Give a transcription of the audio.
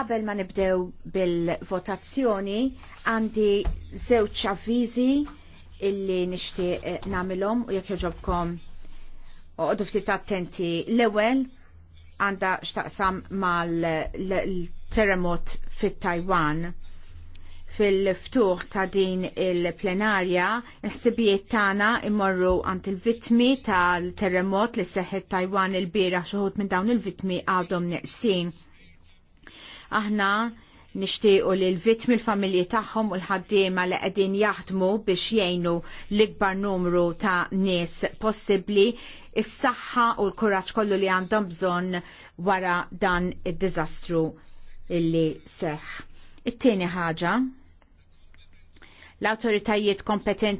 Qabel ma nibdew bil-votazzjoni għandi żewġ avviżi illi nixtieq eh, namilom u jekk joġobkom oqgħodu ftit attenti. L-ewwel għandha x'taqsam mal-terremot fit-Taiwan fil-ftuħ ta' din il-plenarja, nħsibijiet tana tagħna imorru għand il-vitmi tal-terremot li seħħet Taiwan il-bira xuħut minn dawn il-vitmi għadhom neqsin. Aħna nishtiqu li l-vitmi l-familji tagħhom u l-ħaddiema li qegħdin jaħdmu biex jgħinu l-ikbar numru ta' nies possibbli il saħħa u l-kuraġġ kollu li għandhom bżonn wara dan id-diżastru il illi seħħ. It-tieni ħaġa l-autoritajiet kompetenti